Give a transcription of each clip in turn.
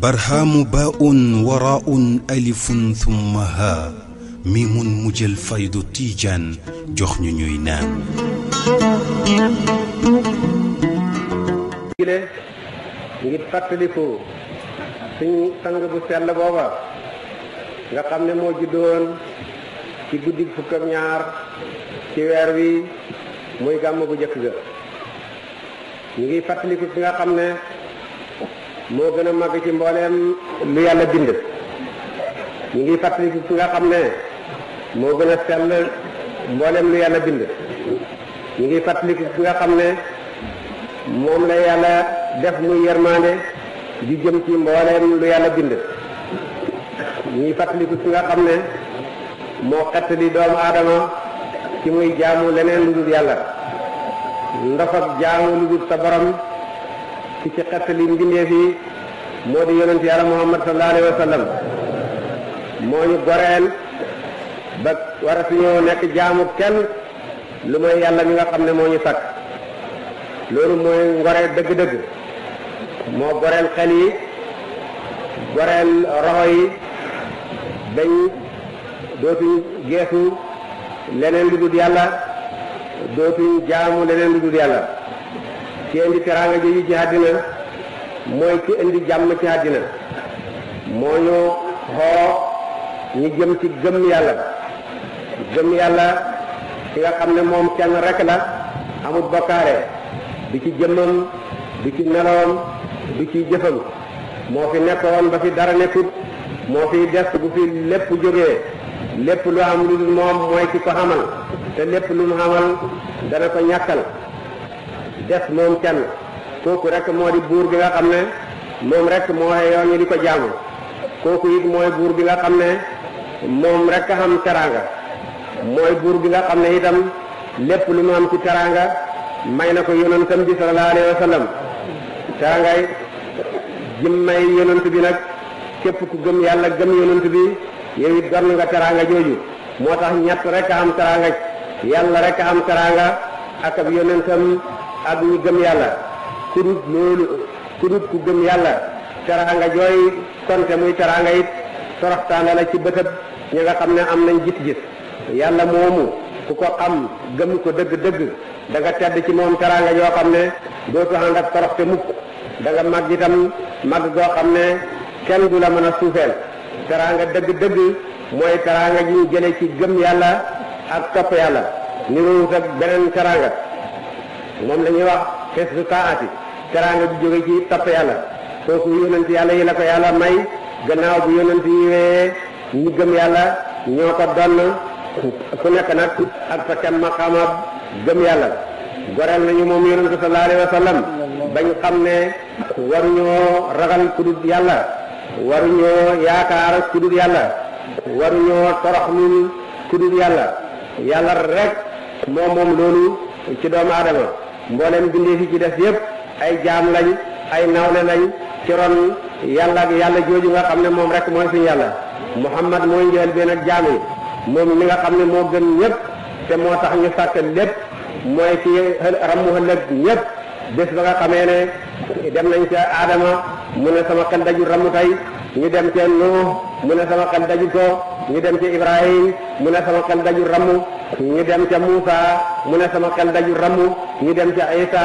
barhaamu baa'un waraa'un alifun thumma haa miimun mu jël faydu tiijaan jox ñu ñuy naan. ngir fàttaliku suñu sang bu sell booba nga xam ne moo juddoon ci guddi fukk ñaar ci weer wi. muy gàmm gu njëkk ga ñu ngi fàttaliku ki nga xam ne moo gën a màgg ci mbooleem lu yàlla bind ñu ngi fàttaliku ki nga xam ne gën a sell mbooleem lu ngi fàttaliku ki nga xam ne moom la yàlla def muy yermande di jëm ci mbooleem lu yàlla bind ñu ngi ki nga xam ne moo xett li doomu aadama ci muy jaamu leneen lu dul yàlla ndofab jaamu lu dul sa borom ki ci xettali mbindeef yi moo di yonent yàlla muhammad sallallahu alayhi wa sallam moo ñu goreel ba war a suñoo nekk jaamu kenn lu mooy yàlla mi nga xam ne moo ñu sakk loolu mooy ngoreel dëgg-dëgg moo goreel xel yi goreel roxo yi dañ dootuñ geesu leneen lu dul yàlla dootuñ jaamu leneen lu dul yàlla ki indi teraanga ji ci àddina mooy ki indi jàmm ci àddina moo ñu xoo ñu jëm ci gëm yàlla gëm yàlla ki nga xam ne moom kenn rekk la amut bokkaare du ci jëmmam du ci nelawam du ci jëfam moo fi nekkoon ba fi dara nekkut moo fi des bu fi lépp jógee lépp lu am lu moom mooy ki ko xamal te lépp lu mu xamal dana ko ñàkkal des moom kenn kooku rek moo di buur bi nga xam ne moom rek moo xeyoo di ko jaamu kooku it mooy buur bi nga xam ne moom rek a xam teraanga mooy bi nga xam ne itam lépp lu mu am ci teraanga may na ko yonentam bi sallallahu alayhi wa jim may yonent bi nag képp ku gëm yàlla gëm yonent bi yow it donn nga teraanga jooju moo tax ñett rek am teraanga yàlla rek am teraanga ak ab yonentam ak ñi gëm yàlla ku dut loolu ku gëm yàlla teraanga jooy konte muy teraanga it toroxtaane la ci bëtëb ñi nga xam ne am nañ gis-gis yàlla moomu ku ko xam gëm ko dëgg-dëgg da nga tedd ci moom teraanga yoo xam ne dootu ànd ak toroxte mukk da nga màgg itam màgg goo xam ne kenn du la mën a suufeel teraanga dëgg-dëgg mooy teraanga ji ñu jële ci gëm yàlla ak topp yàlla niroowut ak beneen teraanga moom lañuy ñuy wax xesu taati teraanga ji jóge ci topp yàlla kooku yonent yàlla yi la ko yàlla may gannaaw bu yonent yi wee ñu gëm yàlla ñoo ko donn ku nekk nag ak fa tem maqaama gëm yàlla goreel nañu moom yonent sallallahu alayhi wa sallam bañ xam ne waruñoo ragal ku dul yàlla waruñoo yaakaar ku dul yàlla waruñoo toroxlu ku dul yàlla yàlla rek moom moom loolu ci doomu aadama mboolem bindee fi ci def yépp ay jaam lañ ay nawle lañ ci ron yàlla ak yàlla jooju nga xam ne moom rek mooy suñu yàlla muhammad mooy njël benn ak jaam yi moom mi nga xam ne moo gën ñépp te moo tax ñu sàkk lépp mooy ci ramu ëllëg ñépp bés ba nga xamee ne dem nañ ca adama mu ne sama kan daju ramu tay ñu dem ca nuux mu ne sama kan daju ko ñu dem ca ibrahim mu ne sama kan daju ramu ñu dem ca musa mu ne sama kan daju ramu ñu dem ca isa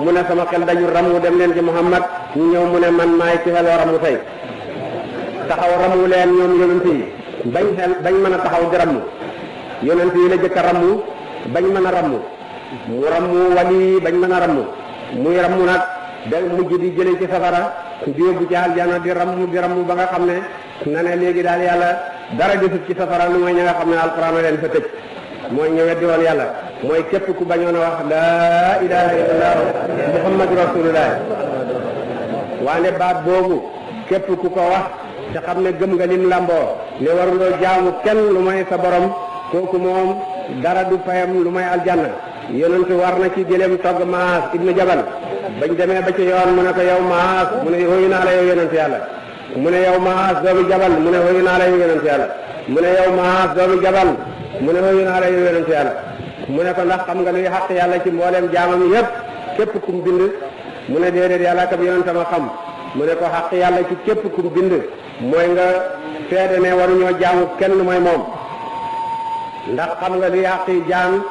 mu ne sama kan daju ramu dem len ci muhammad ñu ñew mu ne man may ci xeloo ramu tay taxaw ramu len ñom yonent bañ xel bañ mëna taxaw di ramu yonent la jëk ramu bañ mëna mu ramu wali bañ mëna ramu Mu ramu nak. da mujj di jëlee ci safara di yóbbu ci aljana di rammu di rammu ba nga xam ne na ne léegi daal yàlla dara desut ci safara lu mooy ña nga xam ne mooy ñu weddi woon yàlla mooy képp ku bañoon a wax laa ilaha illallah muhammadu rasulullah waane baat boobu képp ku ko wax te xam ne gëm nga lim lamboo ne waruloo jaamu kenn lu may sa borom kooku moom dara du fayam lu may aljanna yonentu war na ci jëleem togg maas ibnu jabal bañ demee ba ci yoon mu ne ko yow maas mu ne hoyu naa la yow yonent yàlla mu ne yow maas doomu jabal mu ne hoyu naa la yow yonent yàlla mu ne yow mu ne hoyu naa la yow yàlla mu ne ko ndax xam nga luy xaq yàlla ci mbooleem jaamam yépp képp kum bind mu ne déedéet yàlla ak yonentam a xam mu ne ko xaq yàlla ci képp kum bind mooy nga seede ne waruñoo jaamu kenn mooy moom ndax xam nga luy xaq yi jaam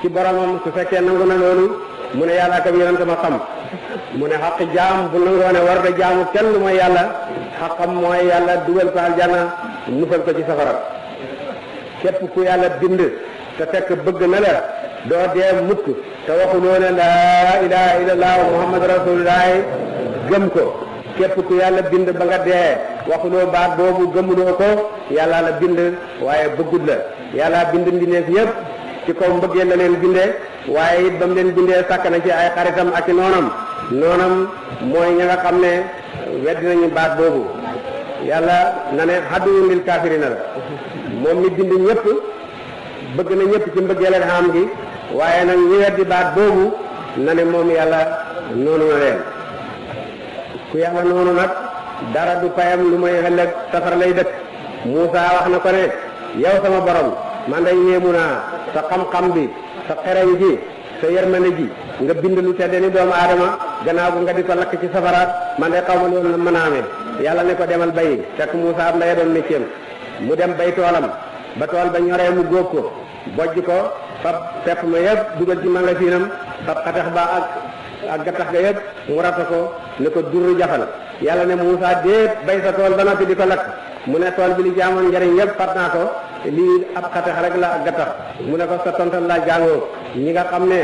ci boromam su fekkee nangu na loolu mu ne yàlla ak yonentam a xam mu ne xaq jaam bu nangoo ne war da jaamu kenn lu mooy yàlla xaqam mooy yàlla dugal ko aljanna nufal ko ci safara képp ku yàlla bind te fekk bëgg na la doo dee mukk te waxuloo ne laa ilaha illallah muhammad rasulullahi gëm ko képp ku yàlla bind ba nga dee waxuloo baat boobu gëmuloo ko yàlla la bind waaye bëggut la yàlla bind mbindeef yépp ci kaw mbëggee la leen bindee waaye it ba mu leen bindee sàkk na ci ay xaritam ak i noonam noonam mooy ña nga xam ne wedd nañu baat boobu yàlla na ne xadduwun lil kaafirina la moom mi bind ñëpp bëgg na ñëpp ci mbëggee leen xam gi waaye nag ñi weddi baat boobu na ne moom yàlla noonu na leen ku yàlla noonu nag dara du payam lu may ëllëg safar lay dëkk Muusa wax na ko ne yow sama borom man day yéemu naa sa xam-xam bi sa xereñ ji sa yërmande ji nga bind lu te ni doomu aadama gannaaw bu nga di ko lakk ci safaraat man day xaw ma loolu na mën a amee yàlla ne ko demal bay fekk Moussa am ndaya doon métier mu dem bay toolam ba tool ba ñoree mu góob ko bojj ko fab pepp ma yëpp dugal ci magasinam fab xatax ba ak ak gattax ga yëpp mu rata ko ne ko duru jafal yàlla ne Moussa déet bay sa tool ba noppi di ko lakk mu ne tool bi li jaamoon njariñ yëpp fat lii ab xatax rek la ak gattax mu ne ko sa tontal laa jàngoo ñi nga xam ne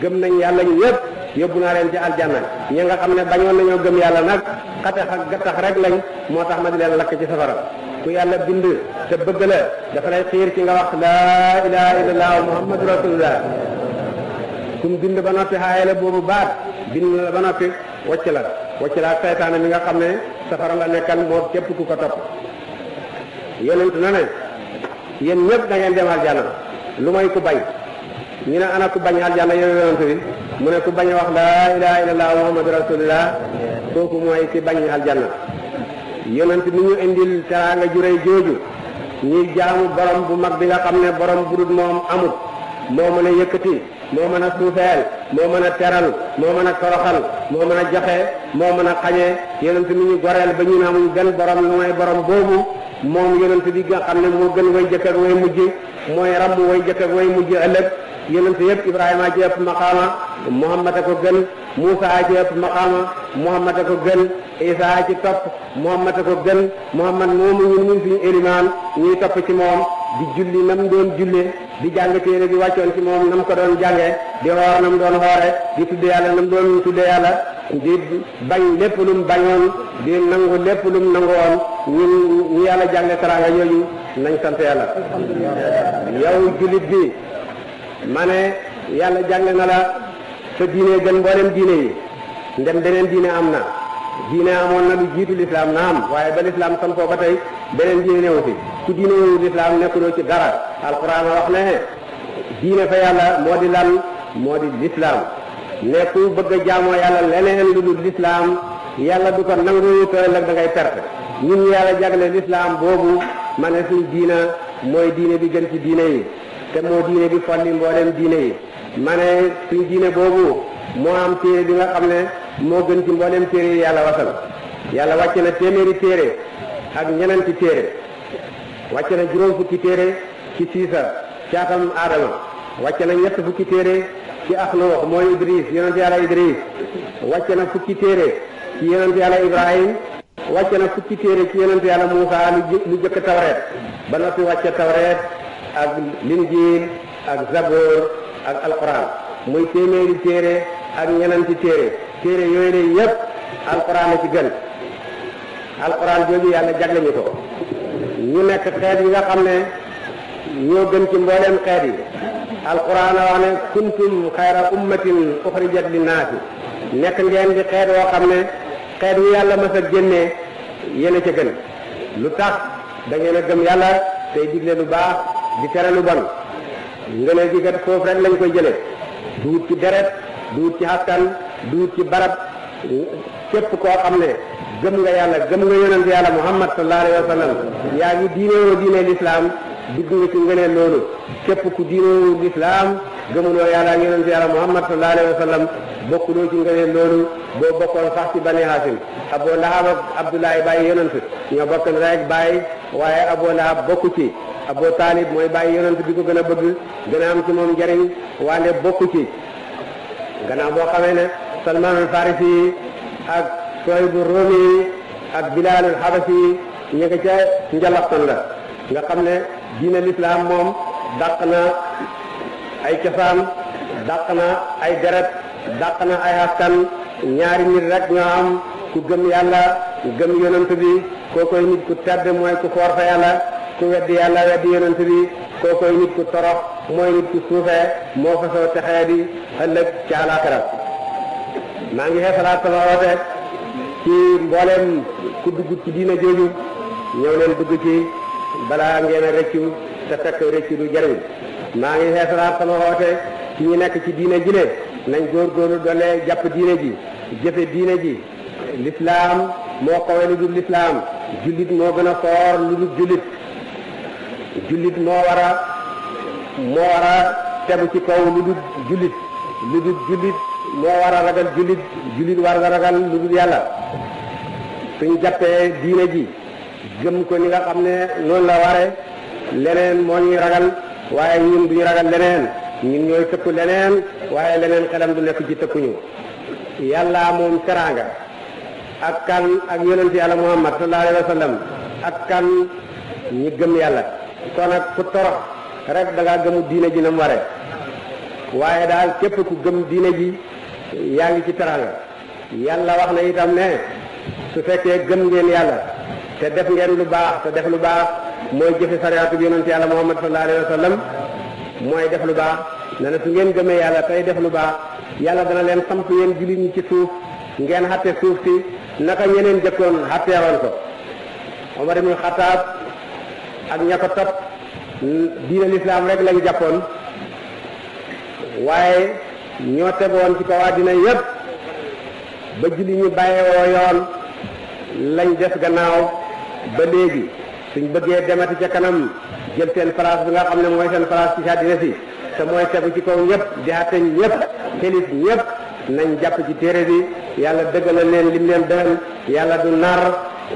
gëm nañ yàlla ñëpp yóbbu naa leen ci aljanna ñi nga xam ne bañoon nañoo gëm yàlla nag xatax ak gattax rek lañ moo tax ma di leen lakk ci safara ku yàlla bind te bëgg la dafa lay xiir ci nga wax laa ilaha illallah muhammadu rasulullah kum bind ba noppi xaaye boobu baat bind la ba noppi wacc la laa saytaane bi nga xam ne safara la nekkal moo képp ku ko topp yonent na ne yéen ñëpp da ngeen dem aljana lu may ku bañ ñu ne ana ku bañ aljana yow yonent bi mu ne ku bañ wax laa ilaha illallah muhammadu rasulillah kooku mooy ki bañ aljana yonent ni ñu indil teraanga jurey jooju ñuy jaamu borom bu mag bi nga xam ne borom bu dul moom amut moo mën a yëkkati moo mën a suufeel moo mën a teral moo mën a toroxal moo mën a joxe moo mën a xañee yonent mi ñu goreel ba ñu ne amuñ benn borom lu may borom boobu moom yonent bi nga xam ne moo gën way jëkk ak way mujj mooy ramb way jëkk ak way mujj ëllëg yonent yëpp Ibrahima ci ëpp maqaama Muhammad a ko gën Muusaa ci ëpp maqaama Muhammad a ko gën Isaa ci topp Muhammad a ko gën Muhammad moomu ñun ñun suñu élimaan ñuy topp ci moom di julli nam doon julle di jàng téere bi wàccoon ci moom nam ko doon jànge di xoor nam doon xoore di tudde yàlla nam doon tudde yàlla di bañ lépp lum bañoon di nangu lépp lum nangoon ñun yàlla jànge teraanga yooyu sant yàlla yow jullit ma ne yàlla jànge na la sa diine gën mboolem diine yi ndem beneen diine am na diine amoon na lu jiitu lislaam na am waaye ba lislaam sam koo ba tey beneen diine newu fi ku diine wu lislaam nekkuloo ci dara alquran wax ne diine fa yàlla moo di lan moo di lislaam nekku bëgg a jaamoo yàlla leneen lu dul lislaam yàlla du ko nangu te ëllëg da ngay perte ñun yàlla jagle lislaam boobu ma ne suñ diina mooy diine bi gën ci diine yi te moo diine bi fonni mboolem diine yi ma ne suñ diine boobu moo am téere bi nga xam ne moo gën ci mbooleem téere yi yàlla wasal yàlla wàcce na téeméeri téere ak ñenenti téere wàcce na juróom fukki téere ci siisa caatam aadama wàcce na ñett fukki téere ci axloox mooy idris yonent yàlla idris wàcce na fukki téere ci yonent yàlla ibrahim wàcce na fukki téere ci yonent yàlla muusa lu jëkk tawreet ba noppi wàcce tawreet ak linjiil ak zabor ak alquran muy téeméeri téere ak ñenanti téere téere yooyu de yépp alquran a ci gën alquran jooju yàlla jagle ñu ko ñu nekk xeet yi nga xam ne ñoo gën ci mbooleem xeet yi alquran a wax ne kuntum xayra ummatin uxrijat linnaasi nekk ngeen di xeet woo xam ne xeet wu yàlla mas a génnee yéen a ca gën lu tax da ngeen a gëm yàlla tey digle lu baax di tere lu bon ngëneel gi foofu rek lañ koy jële duut ci deret duut ci xaskan duut ci barab képp koo xam ne gëm nga yàlla gëm nga yonent yàlla muhammad sallallahu alayhi wa sallam yaa ngi diinewoo diine lislaam ci ngëneel loolu képp ku diinewoo lislaam gëmuloo yàlla ak yonent yàlla muhammad sallallahu alayhi wa sallam bokkuloo ci ngëneel loolu boo bokkoon sax ci bani haasim aboo lahab ak abdoulaye bàyyi yonent ñoo bokk rek bàyyi waaye aboo lahab bokku ci Abu Taalib mooy bàyyi yonent bi ko gën a bëgg gën a am ci moom njariñ wande bokku ci gannaaw boo xamee ne Salmaan Farisi ak Suhaybu Rumi ak Bilaal al Habasi ñu ca njalaxtan la nga xam ne diine lislaam moom dàq na ay cosaan dàq na ay deret dàq na ay askan ñaari nit rek ñoo am ku gëm yàlla gëm yonent bi koo koy nit ku tedd mooy ku foor yàlla ku weddi yàlla weddi yonent bi koo koy nit ku torox mooy nit ku suufee moo fasoo texee di ëllëg ci àllaaxira maa ngi xeesalaat sama woote ci mbooleem ku dugg ci diina jooju ñëw leen dugg ci balaa ngeen rëccu te fekk rëccu du jariñ maa ngi xeesalaat sama woote ci ñi nekk ci diina ji ne nañ góorgóorlu doole jàpp diina ji jëfe diina ji lislaam moo xawee lu dul lislaam jullit moo gën a foor lu dul jullit jullit moo war a moo war a tegu ci kaw lu dul jullit lu dul jullit moo war ragal jullit jullit war nga ragal lu dul yàlla suñu jàppee diine ji gëm ko ni nga xam ne noonu la ware leneen moo ñuy ragal waaye ñun duñu ragal leneen ñun ñooy tëkku leneen waaye leneen xelam du nekk ci tëkkuñu yàlla moom teraanga ak kan ak yonent yàlla muhammad sallallahu alayhi wa ak kan ñi gëm yàlla kon nag ku torox rek da ngaa gëmu diine ji na mu waree waaye daal képp ku gëm diine ji yaa ngi ci taranga yàlla wax na itam ne su fekkee gëm ngeen yàlla te def ngeen lu baax te def lu baax mooy jëfe sariyaatu bi yonent yàlla muhammad sallallahu alayhi wa sallam mooy def lu baax ne na su ngeen gëmee yàlla tey def lu baax yàlla dana leen samp yéen jullit ñi ci suuf ngeen xatte suuf si naka ñeneen jëkkoon xatteewoon ko Omar ibn Xataab ak ña ko topp diina lislaam rek lañ jàppoon waaye ñoo tegoon ci kaw àddina yépp ba julli ñu bàyyeewoo yoon lañ def gannaaw ba léegi suñ bëggee demati ca kanam jël seen place bi nga xam ne mooy seen place ci àddina si te mooy tegu ci kaw ñëpp di àtte ñëpp xelif ñëpp nañ jàpp ci téere bi yàlla dëggal leen lim leen dëggal yàlla du nar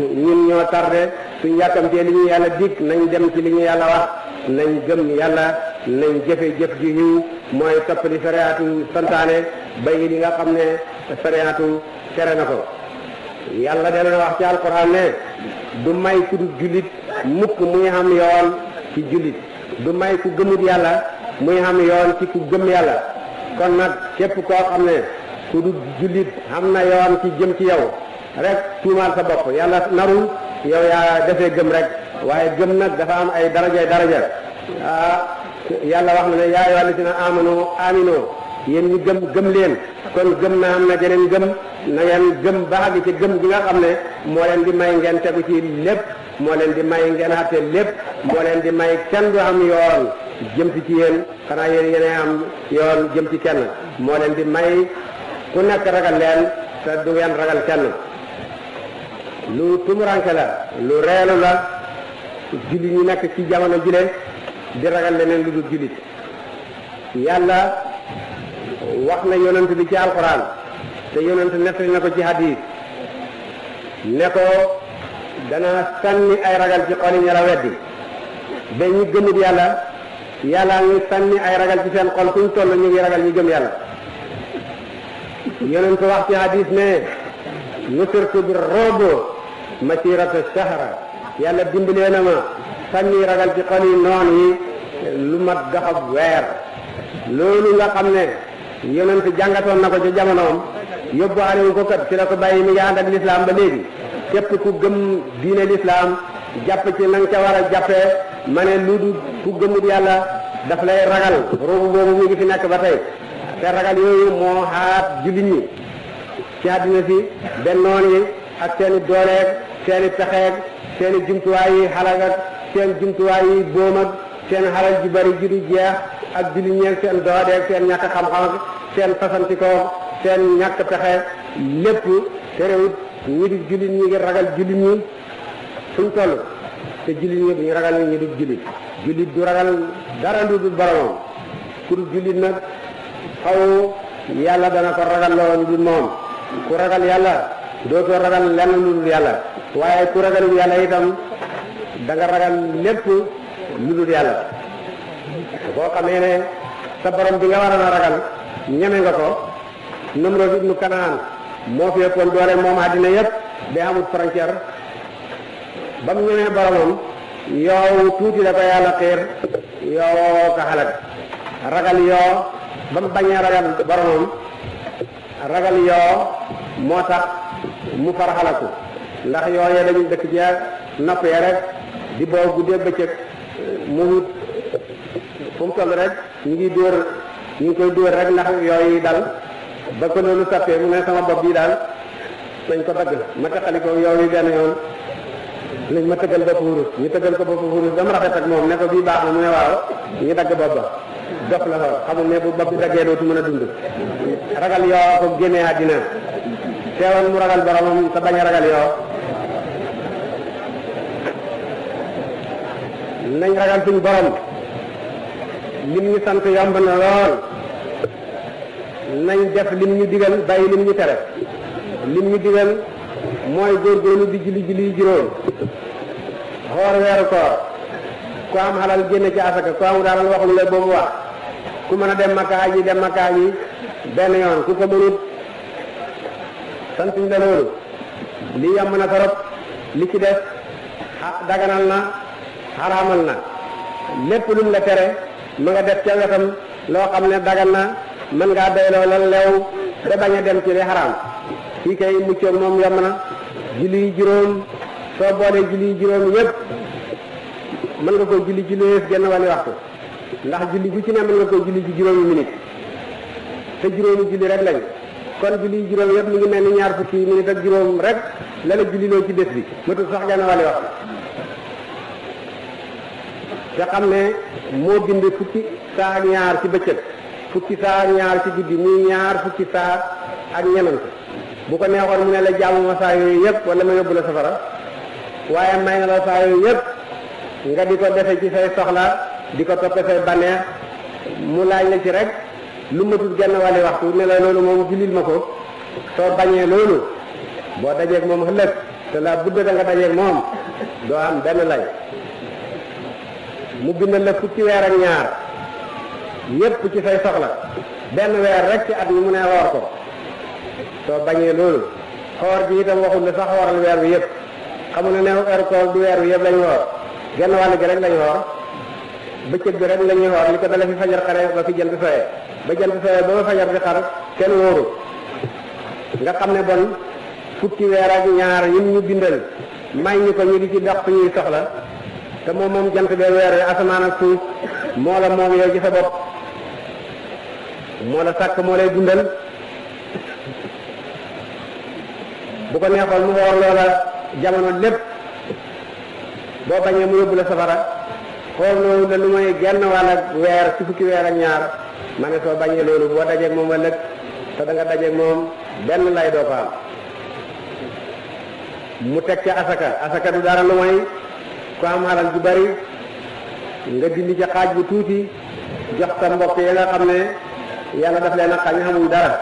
ñun ñoo tarde suñ yàkkamtee li ñu yàlla dig nañ dem ci li ñu yàlla wax nañ gëm yàlla nañ jëfe jëf ji yiw mooy toppali sariyaatu santaane bay li nga xam ne sariyaatu tere na ko yàlla dana wax ci alquran ne du may ku julit mukk muy xam yoon ci julit du may ku gëmut yàlla muy xam yoon ci ku gëm yàlla kon nag képp koo xam ne ku du julit xam na yoon ci jëm ci yow rek tuumaal sa bopp yàlla narul yow yaa defee gëm rek waaye gëm nag dafa am ay daraja daraja ah yàlla wax na ne yaa ayyuhal lazina amanu aminu yéen ñi gëm gëm leen kon gëm na am na deneen gëm na ngeen gëm baax gi ci gëm gi nga xam ne moo leen di may ngeen tegu ci lépp moo leen di may ngeen àtte lépp moo leen di may kenn du am yoon jëm ci yéen xanaa yéen yéen am yoon jëm ci kenn moo leen di may ku nekk ragal leen te du ngeen ragal kenn lu tumuranke la lu reelu la jullit ñi nekk ci jamono jile di ragal leneen lu dul jullit yàlla wax na yonent bi ci alxuraan te yonent nettali na ko ci hadis ne ko dana sànni ay ragal ci xoli ña la weddi ba ñu gëmut yàlla yàlla ngi sànni ay ragal ci seen xol kuñ toll ñu ngi ragal ñu gëm yàlla yonent wax ci hadis ne nusirtu bi robo ma masirata sahra yàlla dimbalee na ma fanni ragal ci xol noon yi lu mat doxab weer loolu nga xam ne yonent jàngatoon na ko ca jamonoom yóbbu alewu ko kat ci la ko bàyyi mi nga ànd ak lislaam ba léegi képp ku gëm diine lislaam jàpp ci na ca war a jàppee ma ne lu ku gëmut yàlla daf lay ragal roobu boobu mu ngi fi nekk ba tey te ragal yooyu moo xaat jullit ñi ci àddina si benn noon yi ak seeni dooleeg seeni pexeeg seeni jumtuwaay yi xalag ak seen jumtuwaay yi boom ak seen xalal ju bari ju di jeex ak di du ñeeg seen doodeeg seen ñàkk xam-xam ak seen fasantikoo seen ñàkk pexe lépp terewut ñi di julit ñi ngi ragal julit ñi suñ toll te julit ñi ñu ragal ñi di julit julit du ragal dara lu du boromam ku du julit nag xaw yàlla dana ko ragal loolu di moom ku ragal yàlla dootoo ragal lenn lu dul yàlla waaye ku ragalul yàlla itam da ragal lépp lu dul yàlla boo xamee ne sa borom bi nga war a ragal ñeme nga ko Namrod ibnu Kanaan moo fi ëppoon doole moom àddina yépp day amul frontière ba mu ñemee boromam yow tuuti da ko yàlla xiir yoo ko xalaat ragal yoo ba mu bañee ragal boromam ragal yoo moo tax mu far xalaku ndax yooye dañu dëkk ci napp ya rek di boo guddee bëccëg mu wut fu mu toll rek ñu ngi dóor ñu koy dóor rek ndax yooyu dal ba ko loolu sàppee mu ne sama bopp bi daal lañ ko dagg ma taxali ko yooyu benn yoon lañ ma tëggal bopp wurus ñu tëggal ko bopp wurus dama rafet ak moom ne ko bii baax na mu ne waaw ñu dagg bopp ba dof la fa xamul ne bu bopp bi daggee dootu mën a dund ragal yoo ko génnee àddina teewal mu ragal boromam te bañ a ragal yoo nañ ragal suñu borom lim ñu sant yomb na lool nañ def lim ñu digal bàyyi lim ñu tere lim ñu digal mooy góorgóorlu di julli julli juróom xoor weeru koor ku am xalal génne ci asaka ku amul daal waxul la boobu wax ku mën a dem Makka yi dem Makka yi benn yoon ku ko mënut santuñ la loolu li yomb na torop li ci def ah, daganal na xaraamal na lépp luñ la tere ma nga def ca wetam loo xam ne dagan na mën ngaa doyloo lan leew da bañ a dem ci li xaraam kii kay muccoog moom yomb na julli juróom soo boolee julli juróom yépp mën nga koo julli ci genn wàllu waxtu ndax julli bu ci ne mën nga koo julli ci juróomi minute te juróomi julli rek lañ kon julli juróom yépp mu ngi mel ni ñaar fukki minute ak juróom rek la la julliloo ci bés bi matul sax genn wàllu waxtu nga xamne mo moo bind fukki saar ñaar ci bëccëg fukki saar ñaar ci guddi muy ñaar fukki saar ak ñenant bu ko neexoon mu ne la jaamu ma saa yooyu yëpp wala ma yóbbu la safara waaye may na la saa yooyu yëpp nga di ko defe ci say soxla di ko toppe say baneex mu laaj la ci rek lu tut genn wàlli waxtu ne la loolu moom julil ma ko soo bañee loolu boo dajeeg moom xëlëk te la budda da nga dajeeg moom doo am benn lay mu bindal la ci weer ak ñaar yépp ci say soxla benn weer rek at mi mu ne woor ko soo bañee loolu xoor ji itam waxul ne sax wooral weer bi yëpp xamul ne neew heure koor du weer wi yëpp lañu woor genn wàll gi rek lañu woor bëccëg bi rek lañuy woor li ko dala fi fajar xare ba fi jant sooyee ba jant sooyee ba ba fajar bi xar kenn wóoru nga xam ne bon fukki weer ak ñaar yim ñu bindal may ñu ko ñu di ci dox ñuy soxla te moom moom jant bee weer wi asamaan ak suuf moo la moom yow ci sa bopp moo la sàkk moo lay dundal bu ko neexal mu woor loola jamono lépp boo bañee mu yóbbu la safara xool loolu la lu may genn wàll ak weer ci fukki weer ak ñaar ma ne soo bañee loolu boo dajeeg moom ëllëg te da nga dajeeg moom benn lay doo ko am mu teg ca asaka asaka du dara lu may ku am alal ju bari nga dindi ci xaaj bu tuuti jox sa mbokk ya nga xam ne yàlla daf leen a xañ xamul dara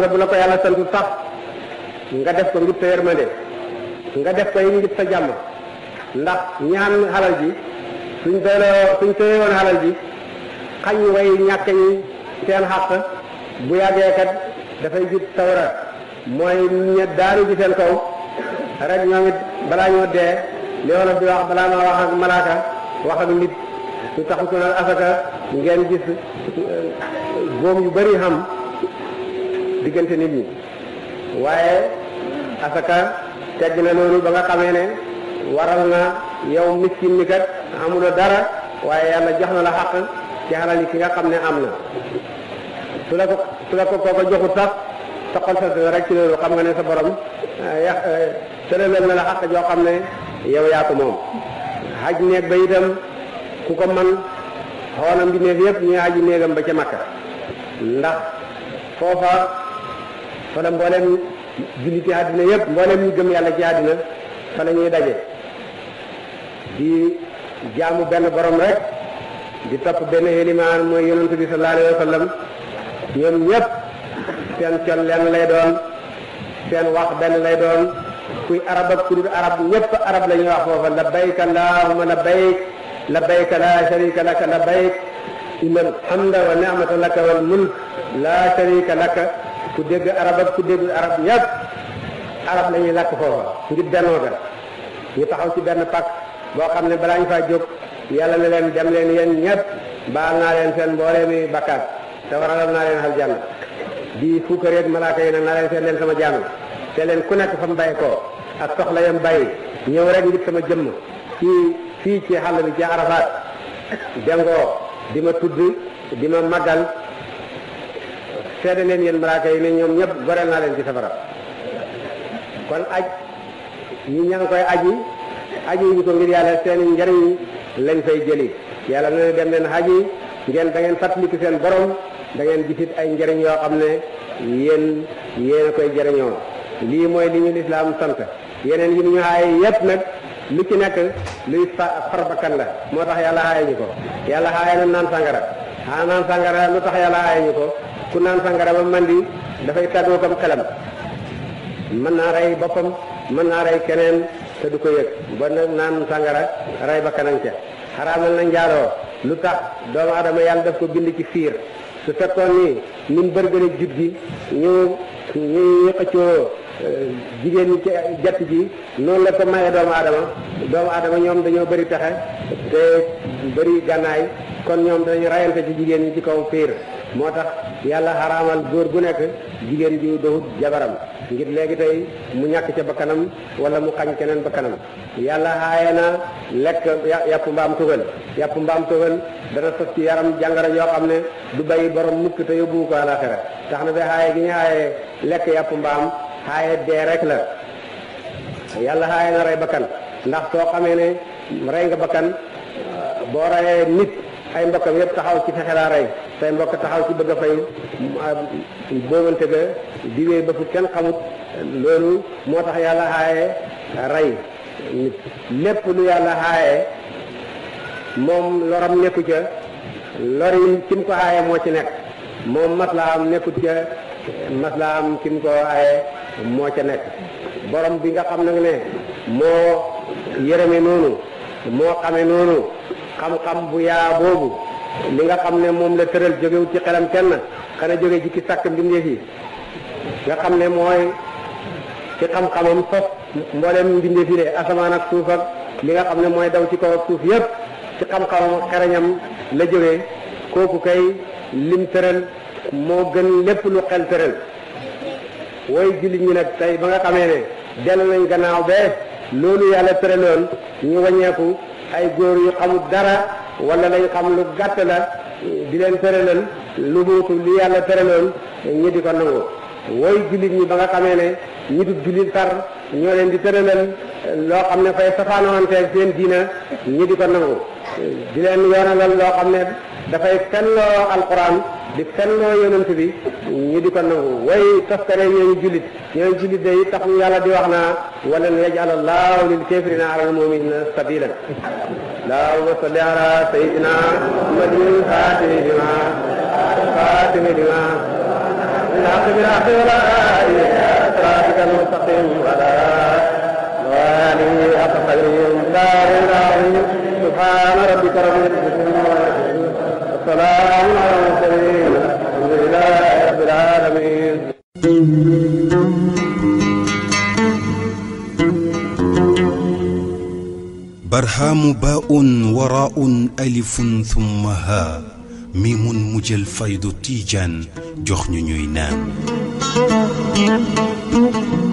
nga bu la ko yàlla santu sax nga def ko ngir sa yërmande nga def ko yi ngir sa jàmm ndax ñaan xalal ji suñ doyloo suñ tëyewoon xalal ji xañ way ñàkk seen xàq bu yàggee kat dafay jub tawra mooy ñet daanu ci seen kaw rek ñoom it balaa ñoo dee li wolof di wax balaa maa wax ak malaaka wax ak nit ñu taxu ko asaka ngeen gis euh, góom yu bari xam diggante nit ñi waaye asaka tegg na loolu ba nga xamee ne waral na yow miskin mi kat amuloo dara waaye yàlla jox na la xaq ci xalal yi ki nga xam ne am na su la ko su la ko kooko joxut sax toqal sa rek ci loolu xam nga ne sa borom euh, euh, sërëlal na la xaq joo xam ne yow yaa ko moom xaj néeg ba itam ku ko man xoolam bi néeg yëpp ñu aji néegam ba ca makka ndax foofa fa la mboolem julliti àddina yëpp mboolem ñu gëm yàlla ci àddina fa la ñuy daje di jaamu benn borom rek di topp benn élimaan mooy yonent bi sallallahu alayhi wa ñoom ñëpp seen col lenn lay doon seen wax benn lay doon kuy arab ak ku dul arab ñëpp arab la ñuy wax foofa labbayka allahumma labbayk laa sharika laka labbayk inna alhamda wa ni'mata laka wal mulk laa sharika laka ku dégg ku déggul arab ñëpp arab la ñuy làkk foofa ngi bennoo ga ñu taxaw ci benn pakk boo xam ne balaa ñu faa jóg yàlla ne leen dem leen yéen ñëpp baal naa leen seen mboolee mi bakkaat te waralal naa leen xal jànn di fukkareeg malaaka yi nag naa leen seen leen sama jàmm te leen ku nekk fa mu ko ak soxla yam bay ñew rek nit sama jëm ci fi ci xàll bi ci arafat dengo di tuddi dima di ma màggal seede leen yéen malaaka yi ne ñom ñep goreel na leen ci safara kon aj ñi ñang koy aji aji ñu ko ngir yàlla seeni njariñ lañ fay jëli yalla na dem leen haji ngeen da ngeen ci seen borom da ngeen gisit ay njariñ yoo xamne yeen yeen koy jariñoo lii mooy li ñu lislaam sant yeneen yi ñu aaye yépp nag lu ci nekk luy far bakkan la moo tax yàlla aaye ñu ko yàlla aaye na naan sangara a naan sangara lu tax yàlla aaye ñu ko ku naan sàngara ba man di dafay tàggoo kam xelam mën naa rey boppam mën naa rey keneen te du ko yëg ba nag naan sangara rey ba kanam ca xaraamal na njaaloo lu tax doomu adama yàlla daf ko bind ci fiir su fekkoon ni ñun bërgële jut ñu ñuy xëccoo Euh, jigéen ñi ci jatt ji noonu la ko maye doomu aadama doomu aadama ñoom dañoo bëri pexe te bari gànnaay kon ñoom dañu rayante ci jigéen ñi ci kaw piir moo tax yàlla xaraamal góor gu nekk jigéen ji doxut jabaram ngir léegi tey mu ñàkk ca bakkanam wala mu xañ keneen bakkanam yàlla xaaye na lekk yàpp mbaam tugal yàpp mbaam tugal dana sos ci yaram jàngara yoo xam ne du bàyyi borom mukk te yóbbu ko àlaxira tax na ba xaaye gi ñu xaaye lekk yàpp mbaam xaaye dee rek la yàlla xaaye na rey bakkan ndax soo xamee ne rey nga bakkan ah, boo reyee nit ay mbokkam yépp taxaw ci fexe laa rey say mbokk taxaw ci bëgg a fay ah, boobante ga di ba fu kenn xamut loolu moo tax yàlla xaaye rey nit lépp lu yàlla xaaye moom loram nekku ca lor yi kim ko xaaye moo ci nekk moom maslaam nekkut ca maslaam kim ko xaaye mo ca nek borom bi nga xam nak ne mo yereme nonu mo xame nonu xam-xam bu ya bobu li nga xam ne mom la tëral jógewu ci xelam kenn xana joge ci ki ndim ne fi nga xam ne moy ci xam-xamam sos mboolem mbindeef fi de asaman ak suuf ak li nga xam ne moy daw ci ko suuf yeb ci xam xam xereñam la joge koku kay lim teural mo gën lepp lu xel teural wooy jullit ñi nag tey ba nga xamee ne dellu nañ gannaaw bee loolu yàlla tëraloon ñu wàññeeku ay góor yu xamul dara wala lañ xam lu gàtt la di leen tëraloon lu muutu lu yàlla tëraloon ñu di ko nangu wooy jullit ñi ba nga xamee ne ñu du jullit tar ñoo leen di tëralal loo xam ne fay safaanoonteeg seen diina ñi di ko nangu di leen yoonalal loo xam ne dafay fennoo alquran di fennoo yonent bi ñu di ko nangu way toftare ñooñu julit ñooñu julit day tax ñu yàlla di wax naa walan yajal allahu lil kafirina ala al muminina sabila allahumma salli ala sayidina muhammadin fatimi lima fatimi lima الحق بالحق ولا صراطك المستقيم ولا وآله حق قدره دار العظيم سبحان ربك رب العزة والسلام على المرسلين والحمد لله رب العالمين برهام باء وراء ألف ثم ها ميم مجل فيض تيجان جخن نام